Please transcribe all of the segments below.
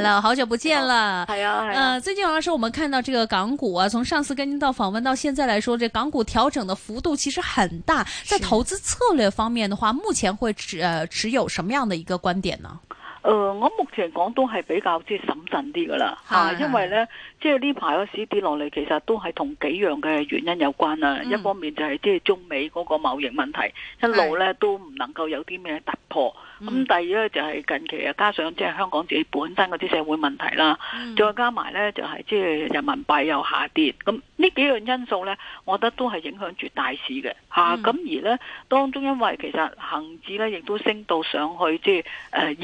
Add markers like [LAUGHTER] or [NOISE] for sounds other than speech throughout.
Yeah, 好久不見了。係啊，係啊。最近好像是我們看到這個港股啊，從上次跟您到訪問到現在來說，這港股調整的幅度其實很大。Yeah. 在投資策略方面的話，目前會持持有什麼樣的一個觀點呢？誒、呃，我目前講都係比較即係審慎啲噶啦，吓、啊，因為咧即係呢排個市跌落嚟，其實都係同幾樣嘅原因有關啦、嗯。一方面就係即係中美嗰個貿易問題，啊、一路咧都唔能夠有啲咩突破。咁、嗯、第二咧就係近期啊，加上即係香港自己本身嗰啲社會問題啦、嗯，再加埋咧就係即係人民幣又下跌，咁、嗯、呢幾樣因素咧，我覺得都係影響住大市嘅嚇。咁、嗯、而咧當中，因為其實恒指咧亦都升到上去，即係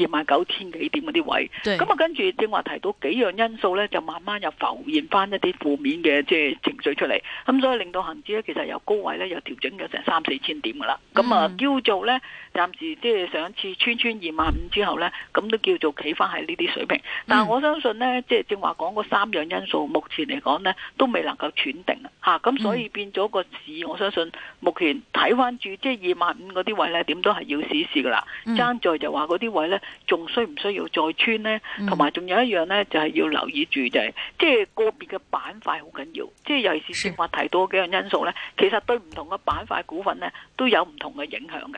二萬九千幾點嗰啲位。咁啊，跟住正話提到幾樣因素咧，就慢慢又浮現翻一啲負面嘅即係情緒出嚟。咁所以令到恒指咧其實由高位咧又調整咗成三四千點噶啦。咁、嗯、啊叫做咧暫時即係上一次。穿穿二萬五之後呢，咁都叫做企翻喺呢啲水平。但係我相信呢，嗯、即係正話講嗰三樣因素，目前嚟講呢，都未能夠斷定吓，咁、啊、所以變咗個市、嗯，我相信目前睇翻住即係二萬五嗰啲位呢，點都係要試試噶啦。爭、嗯、在就話嗰啲位呢，仲需唔需要再穿呢？同埋仲有一樣呢，就係、是、要留意住就係、是，即係個別嘅板塊好緊要。即係尤其是正話提到嘅幾樣因素呢，其實對唔同嘅板塊股份呢，都有唔同嘅影響嘅。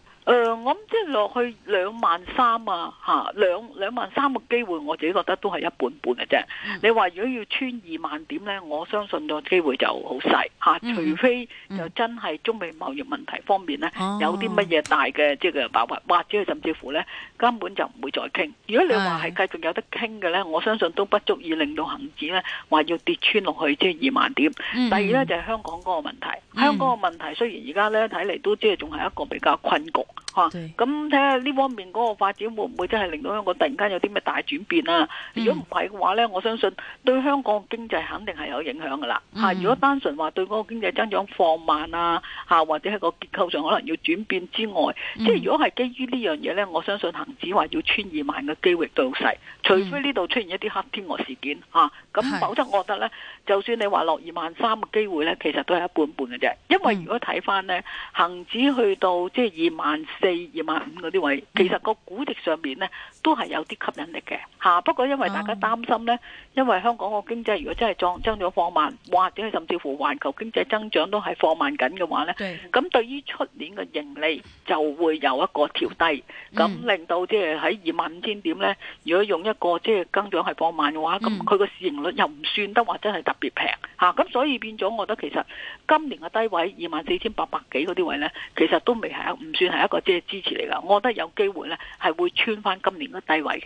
誒、呃，我諗即係落去兩萬三啊，吓兩兩萬三嘅機會，我自己覺得都係一半半嘅啫。你話如果要穿二萬點咧，我相信個機會就好細吓，除非就真係中美貿易問題方面咧、嗯，有啲乜嘢大嘅即係個爆發，或者甚至乎咧根本就唔會再傾。如果你話係繼續有得傾嘅咧，我相信都不足以令到恒指咧，話要跌穿落去即係二萬點。第二咧就係、是、香港嗰個問題，香港個問題雖然而家咧睇嚟，都即係仲係一個比較困局。吓，咁睇下呢方面嗰個發展會唔會真係令到香港突然間有啲咩大轉變啊？嗯、如果唔係嘅話咧，我相信對香港經濟肯定係有影響噶啦。吓、啊嗯，如果單純話對嗰個經濟增長放慢啊，吓、啊、或者係個結構上可能要轉變之外，嗯、即係如果係基於呢樣嘢咧，我相信恒指話要穿二萬嘅機會都好細、嗯。除非呢度出現一啲黑天鵝事件吓，咁否則我覺得咧，就算你話落二萬三嘅機會咧，其實都係一半半嘅啫。因為如果睇翻咧，恒指去到即係二萬。四二萬五嗰啲位，其實個估值上面呢都係有啲吸引力嘅。不過因為大家擔心呢，因為香港個經濟如果真係增增長放慢，或者甚至乎環球經濟增長都係放慢緊嘅話呢，咁對，對於出年嘅盈利就會有一個調低，咁、嗯、令到即係喺二萬五千點呢，如果用一個即係增長係放慢嘅話，咁佢個市盈率又唔算得話真係特別平嚇。咁、啊、所以變咗，我覺得其實今年嘅低位二萬四千八百幾嗰啲位呢，其實都未係唔算係一。嗰即係支持嚟㗎，我覺得有機會咧係會穿翻今年個低位嘅。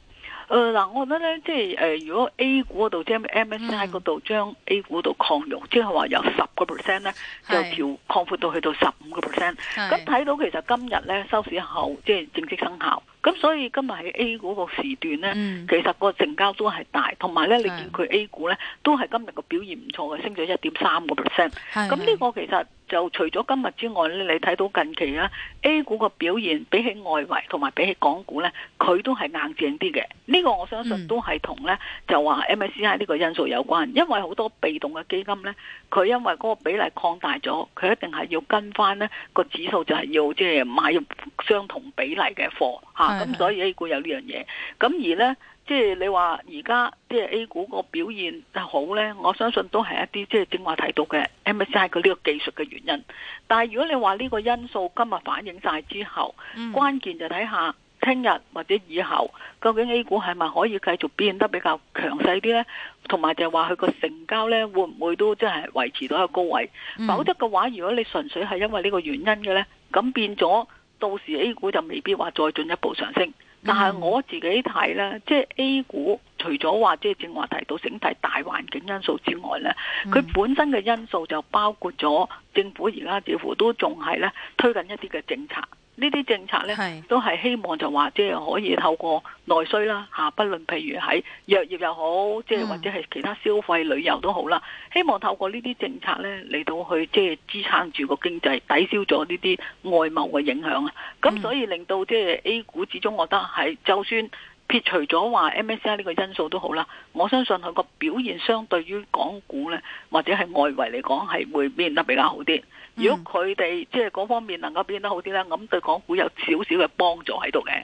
誒、呃、嗱，我覺得咧，即係誒，如果 A 股嗰度，即 MSCI 嗰度將 A 股度擴容，嗯、即係話由十個 percent 咧，就調擴闊到去到十五個 percent。咁睇到其實今日咧，收市後，即係正式生效。咁所以今日喺 A 股個時段咧、嗯，其實個成交都係大，同埋咧你見佢 A 股咧都係今日個表現唔錯嘅，升咗一點三個 percent。咁呢個其實就除咗今日之外咧，你睇到近期咧、啊、A 股個表現比起外圍同埋比起港股咧，佢都係硬淨啲嘅。呢、呢個我相信都係同咧就話 MSCI 呢個因素有關，因為好多被動嘅基金咧，佢因為嗰個比例擴大咗，佢一定係要跟翻咧、呢個指數，就係要即係買入相同比例嘅貨吓。咁 [NOISE] 所以 A 股有呢樣嘢，咁而呢，即係你話而家即係 A 股個表現好呢，我相信都係一啲即係正話提到嘅，MSI 佢呢個技術嘅原因。但係如果你話呢個因素今日反映晒之後，嗯、關鍵就睇下聽日或者以後，究竟 A 股係咪可以繼續變得比較強勢啲呢？同埋就係話佢個成交呢，會唔會都即係維持到一個高位？嗯、否則嘅話，如果你純粹係因為呢個原因嘅呢，咁變咗。到時 A 股就未必話再進一步上升，但係我自己睇呢，嗯、即係 A 股除咗話即係正話提到整體大環境因素之外呢，佢本身嘅因素就包括咗政府而家似乎都仲係呢，推進一啲嘅政策。呢啲政策咧，都係希望就話即係可以透過內需啦，吓不論譬如喺藥業又好，即係或者係其他消費、旅遊都好啦，希望透過呢啲政策咧嚟到去即係支撐住個經濟，抵消咗呢啲外貿嘅影響啊。咁所以令到即係 A 股始終，我覺得係就算。撇除咗話 MSCI 呢個因素都好啦，我相信佢個表現相對於港股呢，或者係外圍嚟講係會變得比較好啲。如果佢哋、mm. 即係嗰方面能夠變得好啲呢，咁對港股有少少嘅幫助喺度嘅。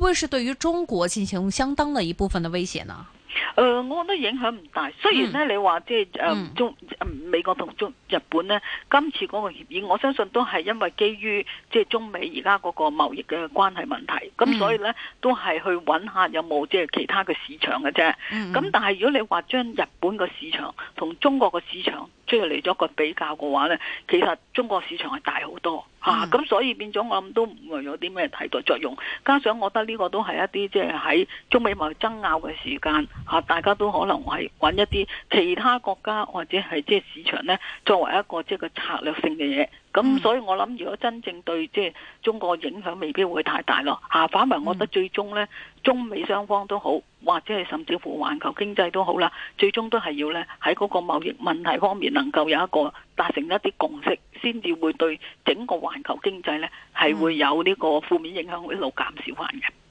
會是對於中國進行相當的一部分的威脅呢？誒、呃，我覺得影響唔大。雖然咧、嗯，你話即係誒中、呃、美國同中日本咧，今次嗰個協議，我相信都係因為基於即係中美而家嗰個貿易嘅關係問題。咁所以呢、嗯、都係去揾下有冇即係其他嘅市場嘅啫。咁、嗯、但係如果你話將日本嘅市場同中國嘅市場。即係嚟咗個比較嘅話呢，其實中國市場係大好多嚇。咁、嗯啊、所以變咗我諗都唔會有啲咩替代作用。加上我覺得呢個都係一啲即係喺中美貿易爭拗嘅時間嚇、啊，大家都可能係揾一啲其他國家或者係即係市場呢，作為一個即係個策略性嘅嘢。咁所以，我諗如果真正對即係中國影響，未必會太大咯。吓，反為我覺得最終呢中美雙方都好，或者係甚至乎環球經濟都好啦，最終都係要呢喺嗰個貿易問題方面能夠有一個達成一啲共識，先至會對整個環球經濟呢係會有呢個負面影響會一路減少翻嘅。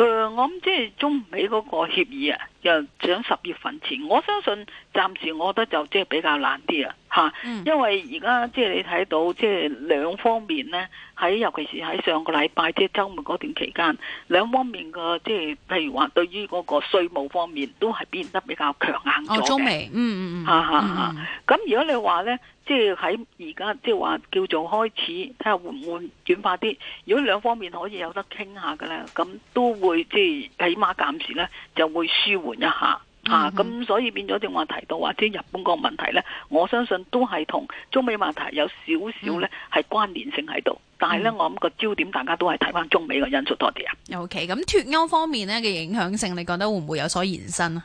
誒、呃，我諗即係中美嗰個協議啊，又想十月份前，我相信暫時我覺得就即係比較難啲啊，吓、嗯，因為而家即係你睇到即係兩方面呢，喺尤其是喺上個禮拜即係周末嗰段期間，兩方面嘅即係譬如話對於嗰個稅務方面都係變得比較強硬咗中美，嗯嗯嗯，咁、嗯啊嗯啊嗯啊、如果你話呢？即係喺而家，即係話叫做開始，睇下會唔會轉化啲。如果兩方面可以有得傾下嘅咧，咁都會即係起碼暫時咧就會舒緩一下吓。咁、嗯啊、所以變咗正話提到話即日本個問題咧，我相信都係同中美問題有少少咧係關聯性喺度。但係咧、嗯，我諗個焦點大家都係睇翻中美個因素多啲啊。OK，咁脫歐方面咧嘅影響性，你覺得會唔會有所延伸啊？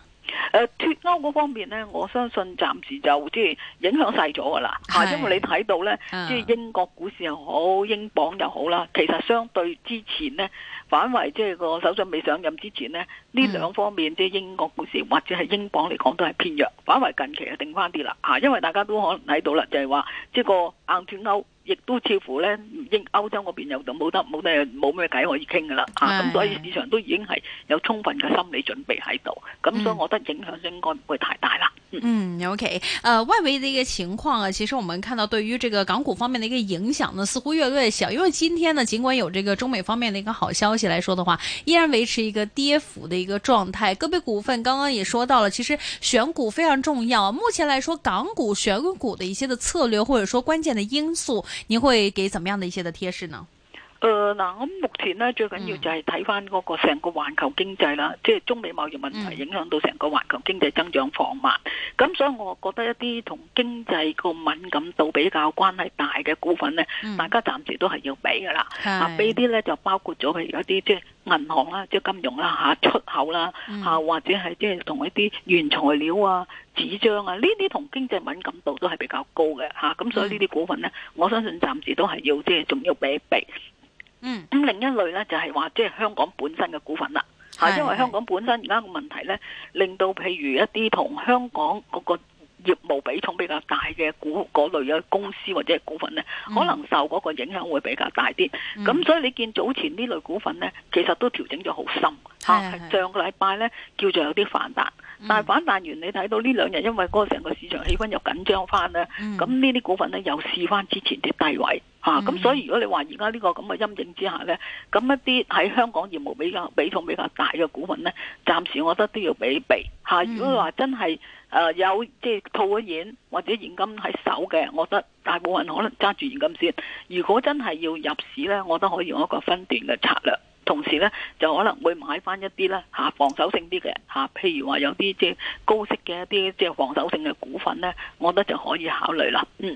誒，脫歐嗰方面呢，我相信暫時就即係、就是、影響細咗噶啦，吓，因為你睇到呢，即、uh, 係英國股市又好，英鎊又好啦。其實相對之前呢，反為即係個首相未上任之前呢，呢兩方面即係、um, 英國股市或者係英鎊嚟講都係偏弱，反為近期就定翻啲啦，吓，因為大家都可能睇到啦，就係話即係個硬脫歐。亦都似乎呢，英歐洲嗰邊有就冇得冇咩冇咩偈可以傾噶啦，啊咁所、哎、以市場都已經係有充分嘅心理準備喺度，咁、嗯、所以我覺得影響應該唔會太大啦。嗯，嗯，OK，誒、呃，外圍嘅一個情況啊，其實我們看到對於這個港股方面嘅一個影響呢，似乎越嚟越小，因為今天呢，儘管有這個中美方面嘅一個好消息嚟講的話，依然維持一個跌幅嘅一個狀態。個別股份剛剛也說到了，其實選股非常重要。目前嚟講，港股選股的一些嘅策略，或者說關鍵嘅因素。您會給怎麼樣的一些的貼士呢？誒、呃，嗱，咁目前咧最緊要就係睇翻嗰個成個環球經濟啦，嗯、即係中美貿易問題影響到成個環球經濟增長放慢，咁、嗯、所以我覺得一啲同經濟個敏感度比較關係大嘅股份咧、嗯，大家暫時都係要避噶啦,、啊、啦,啦，啊，避啲咧就包括咗佢而一啲即係銀行啦，即係金融啦，吓出口啦，吓、嗯、或者係即係同一啲原材料啊、紙張啊呢啲同經濟敏感度都係比較高嘅吓，咁、啊、所以呢啲股份咧、嗯，我相信暫時都係要即係仲要避一避。嗯，咁另一類咧就係話即係香港本身嘅股份啦、啊，吓，因為香港本身而家個問題咧，令到譬如一啲同香港嗰個業務比重比較大嘅股嗰類嘅公司或者係股份咧、嗯，可能受嗰個影響會比較大啲。咁、嗯、所以你見早前呢類股份咧，其實都調整咗好深，吓、啊，上個禮拜咧叫做有啲反彈、嗯，但係反彈完你睇到呢兩日因為嗰成個市場氣氛又緊張翻啦，咁呢啲股份咧又試翻之前啲低位。嗯、啊，咁所以如果你話而家呢個咁嘅陰影之下呢，咁一啲喺香港業務比較比重比較大嘅股份呢，暫時我覺得都要避避吓、啊嗯、如果話真係有即係、就是、套咗現或者現金喺手嘅，我覺得大部分可能揸住現金先。如果真係要入市呢，我都可以用一個分段嘅策略，同時呢，就可能會買翻一啲呢，防守性啲嘅、啊、譬如話有啲即係高息嘅一啲即係防守性嘅股份呢，我覺得就可以考慮啦，嗯。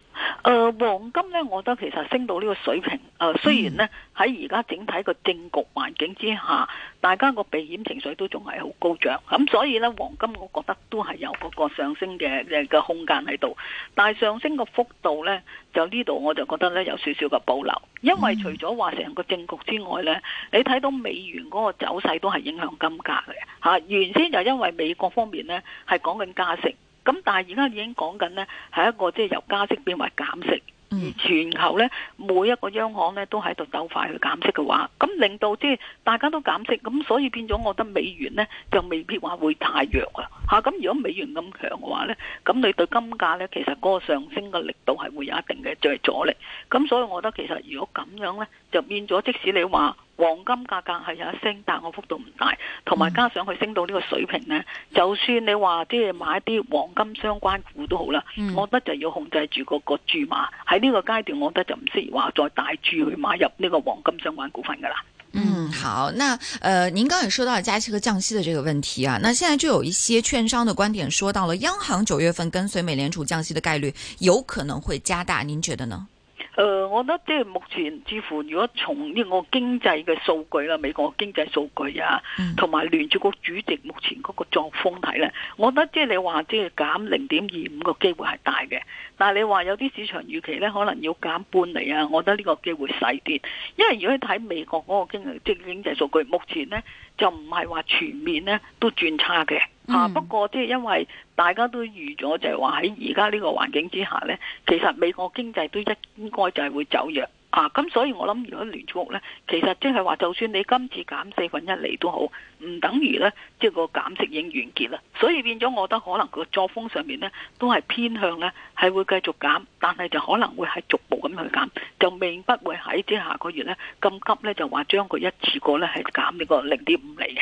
誒、呃，黃金咧，我覺得其實升到呢個水平，誒、呃，雖然呢，喺而家整體個政局環境之下，大家個避險情緒都仲係好高漲，咁所以呢，黃金我覺得都係有嗰個上升嘅嘅空間喺度，但係上升個幅度呢，就呢度我就覺得呢有少少嘅保留，因為除咗話成個政局之外呢，你睇到美元嗰個走勢都係影響金價嘅吓，啊，原先就因為美國方面呢，係講緊加息。咁但係而家已經講緊呢，係一個即係由加息變為減息，而全球呢，每一個央行呢都喺度鬥快去減息嘅話，咁令到即係、就是、大家都減息，咁所以變咗，我覺得美元呢就未必話會太弱啊！吓，咁如果美元咁強嘅話呢，咁你對金價呢其實嗰個上升嘅力度係會有一定嘅再阻力，咁所以我覺得其實如果咁樣呢，就變咗即使你話。黃金價格係有一升，但我幅度唔大，同埋加上佢升到呢個水平呢，嗯。就算你話即係買啲黃金相關股都好啦，嗯。我覺得就要控制住嗰個注碼喺呢個階段，我覺得就唔適宜話再大注去買入呢個黃金相關股份噶啦。嗯，好，那呃，您剛也說到了加息和降息的這個問題啊，那現在就有一些券商的觀點說到了，央行九月份跟隨美聯儲降息的概率有可能會加大，您覺得呢？誒、呃，我覺得即係目前，似乎如果從呢個經濟嘅數據啦，美國經濟數據啊，同埋聯儲局主席目前嗰個作風睇咧，我覺得即係你話即係減零點二五個機會係大嘅。但係你話有啲市場預期咧，可能要減半厘啊，我覺得呢個機會細啲。因為如果你睇美國嗰個經即係、即係、經濟數據，目前呢就唔係話全面呢都轉差嘅。 [NOISE] 啊！不過即係因為大家都預咗，就係話喺而家呢個環境之下呢，其實美國經濟都一應該就係會走弱啊！咁所以我諗，如果聯儲局呢，其實即係話，就算你今次減四分一厘都好，唔等於呢，即係個減息已經完結啦。所以變咗，我覺得可能個作風上面呢，都係偏向呢，係會繼續減，但係就可能會係逐步咁去減，就並不會喺即係下個月呢咁急呢，就話將佢一次過呢，係減呢個零點五厘嘅。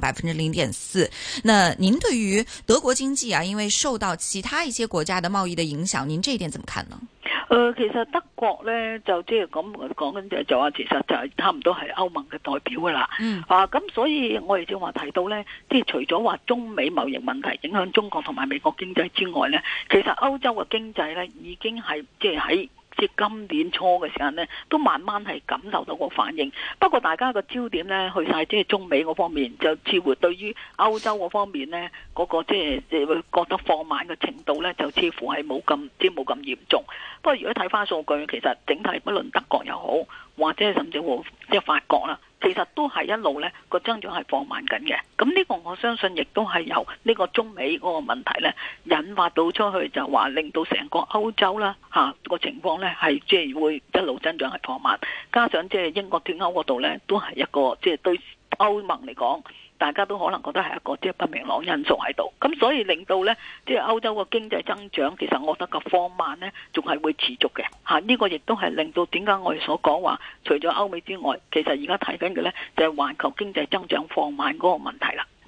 百分之零點四，那您對於德國經濟啊，因為受到其他一些國家的貿易的影響，您這一點怎麼看呢？誒，其實德國咧就即係咁講，講緊就話其實就差唔多係歐盟嘅代表噶啦。嗯，啊，咁所以我亦正話提到咧，即係除咗話中美貿易問題影響中國同埋美國經濟之外咧，其實歐洲嘅經濟咧已經係即係喺。即今年初嘅時間呢，都慢慢係感受到個反應。不過大家個焦點呢，去晒即係中美嗰方面，就似乎對於歐洲嗰方面呢，嗰個即係會覺得放慢嘅程度呢，就似乎係冇咁即冇咁嚴重。不過如果睇翻數據，其實整體不論德國又好，或者甚至乎即係法國啦。其實都係一路呢個增長係放慢緊嘅，咁呢個我相信亦都係由呢個中美嗰個問題呢引發到出去就，就話令到成個歐洲啦吓，啊個情況呢係即係會一路增長係放慢，加上即係英國脫歐嗰度呢都係一個即係、就是、對歐盟嚟講。大家都可能覺得係一個即係不明朗因素喺度，咁所以令到呢，即係歐洲個經濟增長其實我覺得個放慢呢仲係會持續嘅嚇。呢個亦都係令到點解我哋所講話，除咗歐美之外，其實而家睇緊嘅呢，就係環球經濟增長放慢嗰個問題啦。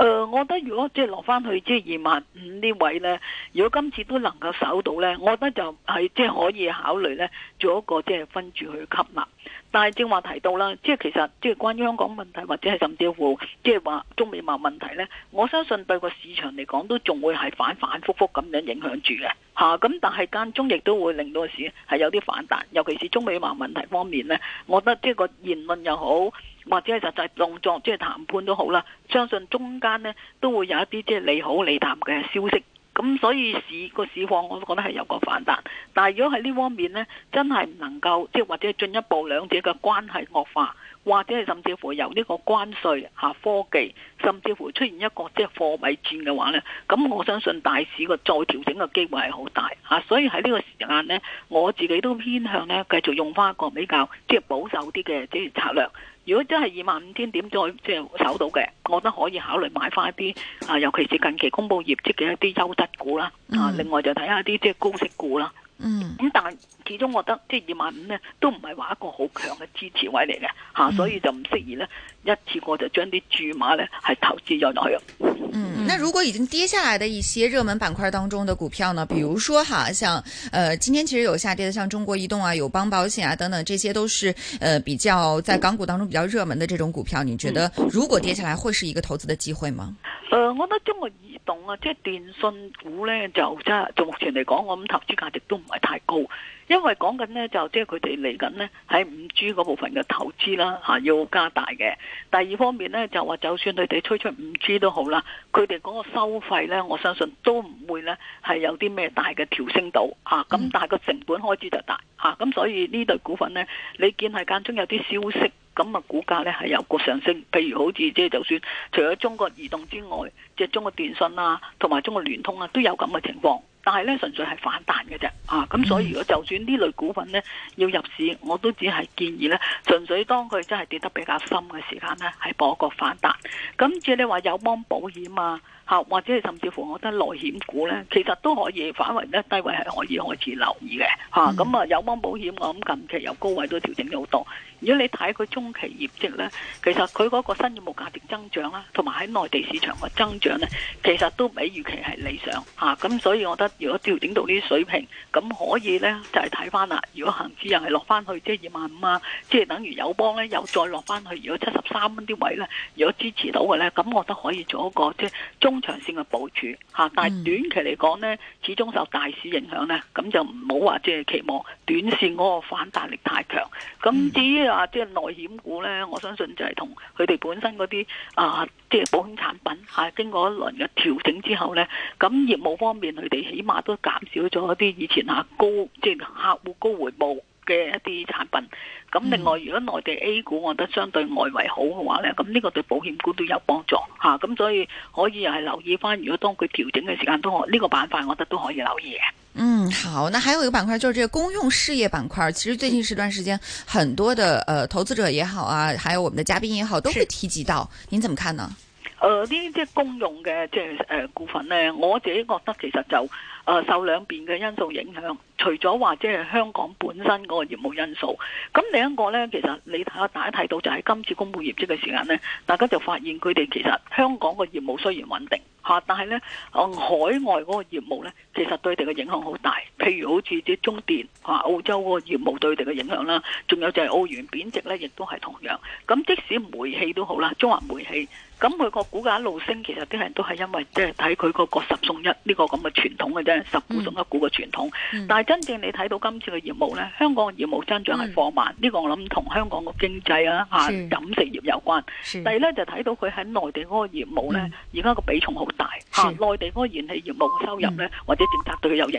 誒、呃，我覺得如果即係落翻去即係二萬五呢位呢，如果今次都能夠守到呢，我覺得就係即係可以考慮呢，做一個即係分住去吸納。但係正話提到啦，即係其實即係關於香港問題或者係甚至乎即係話中美貿問題呢，我相信對個市場嚟講都仲會係反反覆覆咁樣影響住嘅吓，咁但係間中亦都會令到個市係有啲反彈，尤其是中美貿問題方面呢，我覺得即係個言論又好，或者係實際動作即係、就是、談判都好啦，相信中間呢都會有一啲即係利好利淡嘅消息。咁所以市個市況我都覺得係有個反彈，但係如果喺呢方面呢，真係唔能夠即係或者進一步兩者嘅關係惡化，或者係甚至乎由呢個關稅吓科技，甚至乎出現一個即係貨幣戰嘅話呢，咁我相信大市個再調整嘅機會係好大吓，所以喺呢個時間呢，我自己都偏向呢繼續用翻一個比較即係保守啲嘅即係策略。如果真係二萬五千點再即係守到嘅，我覺得可以考慮買翻一啲啊，尤其是近期公布業績嘅、就是、一啲優質股啦。啊、mm-hmm.，另外就睇下啲即係高息股啦。嗯。咁但係始終我覺得即係二萬五咧，都唔係話一個好強嘅支持位嚟嘅嚇，mm-hmm. 所以就唔適宜咧。一次我就將啲注碼咧係投資咗落去了。嗯，那如果已經跌下來的一些熱門板塊當中的股票呢？比如說哈，像，呃，今天其實有下跌的，像中國移動啊、友邦保險啊等等，這些都是，呃，比較在港股當中比較熱門的這種股票。你覺得如果跌下來會是一個投資的機會嗎？嗯、呃，我覺得中國移動啊，即係電信股咧就真係，就目前嚟講，我諗投資價值都唔係太高。因為講緊呢，就即係佢哋嚟緊呢喺五 G 嗰部分嘅投資啦，吓要加大嘅。第二方面呢，就話就算佢哋推出五 G 都好啦，佢哋嗰個收費呢，我相信都唔會呢係有啲咩大嘅調升到，吓咁但係個成本開支就大，吓咁所以呢對股份呢，你見係間中有啲消息咁啊，股價呢係有個上升，譬如好似即係就算除咗中國移動之外，即係中國電信啊，同埋中國聯通啊，都有咁嘅情況。但係咧，純粹係反彈嘅啫，啊！咁所以如果就算呢類股份咧要入市，我都只係建議咧，純粹當佢真係跌得比較深嘅時間咧，係博個反彈。咁至你話友邦保險啊。或者係甚至乎，我覺得內險股呢，其實都可以反為呢低位係可以開始留意嘅嚇。咁、mm. 啊，友邦保險我諗近期由高位都調整咗好多。如果你睇佢中期業績呢，其實佢嗰個新業務價值增長啦，同埋喺內地市場嘅增長呢，其實都比預期係理想嚇咁、啊、所以我覺得如果調整到呢啲水平，咁可以呢就係睇翻啦。如果恆指又係落翻去即係二萬五啊，即、就、係、是、等於友邦呢，又再落翻去如果七十三蚊啲位呢，如果支持到嘅呢，咁我都可以做一個即係、就是、中，長線嘅部署吓，但係短期嚟講咧，始終受大市影響咧，咁就唔好話即係期望短線嗰個反彈力太強。咁至於啊，即係內險股咧，我相信就係同佢哋本身嗰啲啊，即係保險產品吓，啊，經過一輪嘅調整之後咧，咁業務方面佢哋起碼都減少咗一啲以前吓高，即係客戶高回報。嘅一啲產品，咁另外如果內地 A 股我覺得相對外圍好嘅話咧，咁呢個對保險股都有幫助吓，咁、啊、所以可以係留意翻，如果當佢調整嘅時間，都、這、呢個板塊我覺得都可以留意嘅。嗯，好，那還有一個板塊就是這個公用事業板塊，其實最近這段時間，很多的呃投資者也好啊，還有我們的嘉賓也好，都會提及到，您怎麼看呢？呢啲即係公用嘅即係誒股份咧，我自己覺得其實就誒受兩邊嘅因素影響。除咗話即係香港本身嗰個業務因素，咁另一個咧，其實你睇下大家睇到就喺今次公布業績嘅時間咧，大家就發現佢哋其實香港嘅業務雖然穩定吓，但係咧，海外嗰個業務咧，其實對佢哋嘅影響好大。譬如好似啲中電吓，澳洲嗰個業務對佢哋嘅影響啦，仲有就係澳元貶值咧，亦都係同樣。咁即使煤氣都好啦，中華煤氣。咁佢個股價一路升，其實啲人都係因為即係睇佢個個十送一呢個咁嘅傳統嘅啫，十股送一股嘅傳統。但係真正你睇到今次嘅業務咧，香港嘅業務增長係放慢，呢個我諗同香港個經濟啊嚇、啊、飲食業有關。第二咧就睇到佢喺內地嗰個業務咧，而家個比重好大嚇、啊，內地嗰個燃氣業務嘅收入咧，或者政策對佢有影響？